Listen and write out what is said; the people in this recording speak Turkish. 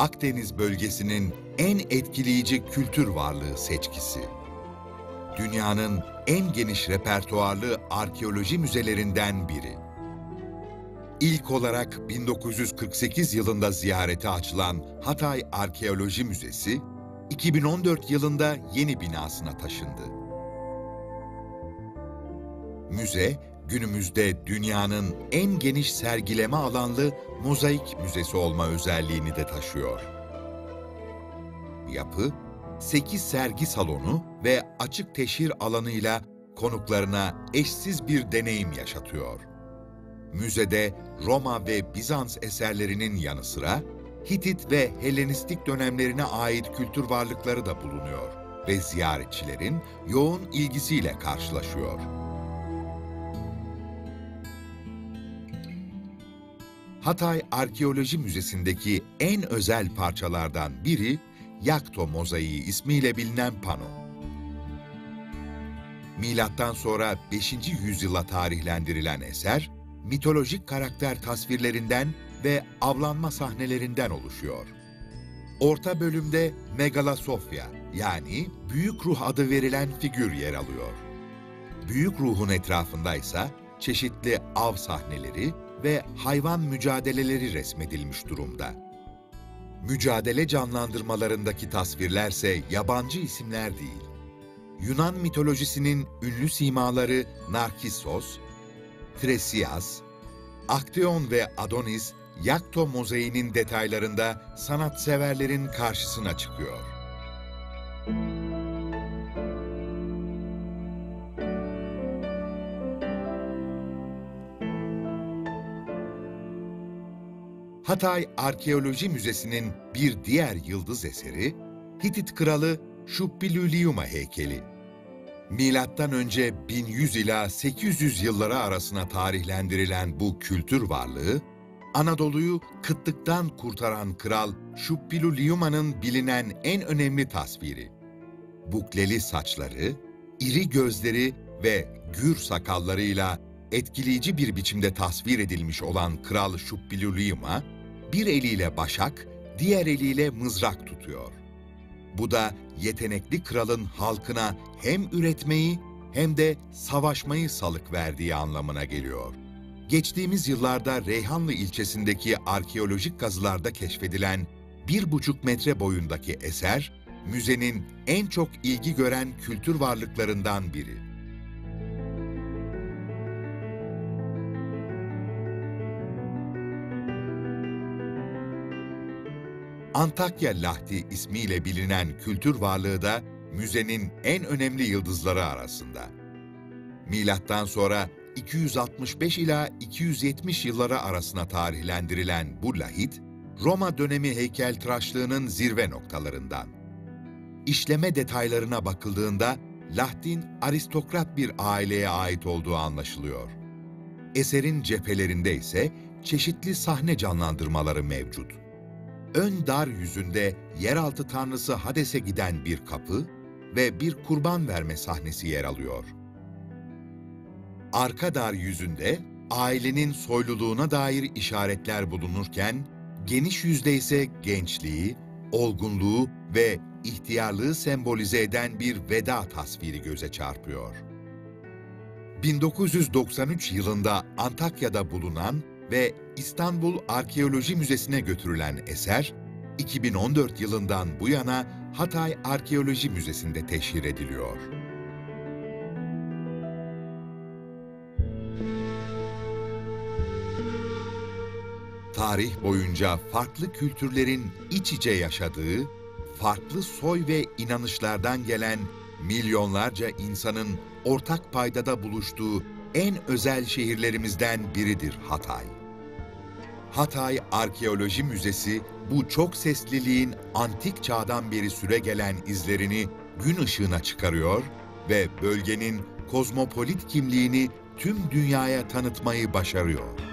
Akdeniz bölgesinin en etkileyici kültür varlığı seçkisi. Dünyanın en geniş repertuarlı arkeoloji müzelerinden biri. İlk olarak 1948 yılında ziyarete açılan Hatay Arkeoloji Müzesi, 2014 yılında yeni binasına taşındı. Müze, günümüzde dünyanın en geniş sergileme alanlı mozaik müzesi olma özelliğini de taşıyor. Yapı, 8 sergi salonu ve açık teşhir alanıyla konuklarına eşsiz bir deneyim yaşatıyor. Müzede Roma ve Bizans eserlerinin yanı sıra Hitit ve Helenistik dönemlerine ait kültür varlıkları da bulunuyor ve ziyaretçilerin yoğun ilgisiyle karşılaşıyor. Hatay Arkeoloji Müzesi'ndeki en özel parçalardan biri Yakto mozaiği ismiyle bilinen pano. Milattan sonra 5. yüzyıla tarihlendirilen eser, mitolojik karakter tasvirlerinden ve avlanma sahnelerinden oluşuyor. Orta bölümde Megalasofya yani büyük ruh adı verilen figür yer alıyor. Büyük ruhun etrafında ise çeşitli av sahneleri ve hayvan mücadeleleri resmedilmiş durumda. Mücadele canlandırmalarındaki tasvirlerse yabancı isimler değil. Yunan mitolojisinin ünlü simaları Narkissos, Tresias, Akteon ve Adonis Yakto mozaiğinin detaylarında sanatseverlerin karşısına çıkıyor. Hatay Arkeoloji Müzesi'nin bir diğer yıldız eseri, Hitit Kralı Şubbiluliuma heykeli. Milattan önce 1100 ila 800 yılları arasına tarihlendirilen bu kültür varlığı, Anadolu'yu kıtlıktan kurtaran kral Şubbiluliuma'nın bilinen en önemli tasviri. Bukleli saçları, iri gözleri ve gür sakallarıyla etkileyici bir biçimde tasvir edilmiş olan Kral Şubbiluliuma, bir eliyle başak, diğer eliyle mızrak tutuyor. Bu da yetenekli kralın halkına hem üretmeyi hem de savaşmayı salık verdiği anlamına geliyor. Geçtiğimiz yıllarda Reyhanlı ilçesindeki arkeolojik kazılarda keşfedilen bir buçuk metre boyundaki eser, müzenin en çok ilgi gören kültür varlıklarından biri. Antakya Lahti ismiyle bilinen kültür varlığı da müzenin en önemli yıldızları arasında. Milattan sonra 265 ila 270 yılları arasına tarihlendirilen bu lahit, Roma dönemi heykeltıraşlığının zirve noktalarından. İşleme detaylarına bakıldığında Lahdin aristokrat bir aileye ait olduğu anlaşılıyor. Eserin cephelerinde ise çeşitli sahne canlandırmaları mevcut ön dar yüzünde yeraltı tanrısı Hades'e giden bir kapı ve bir kurban verme sahnesi yer alıyor. Arka dar yüzünde ailenin soyluluğuna dair işaretler bulunurken, geniş yüzde ise gençliği, olgunluğu ve ihtiyarlığı sembolize eden bir veda tasviri göze çarpıyor. 1993 yılında Antakya'da bulunan ve İstanbul Arkeoloji Müzesi'ne götürülen eser, 2014 yılından bu yana Hatay Arkeoloji Müzesi'nde teşhir ediliyor. Tarih boyunca farklı kültürlerin iç içe yaşadığı, farklı soy ve inanışlardan gelen milyonlarca insanın ortak paydada buluştuğu en özel şehirlerimizden biridir Hatay. Hatay Arkeoloji Müzesi bu çok sesliliğin antik çağdan beri süre gelen izlerini gün ışığına çıkarıyor ve bölgenin kozmopolit kimliğini tüm dünyaya tanıtmayı başarıyor.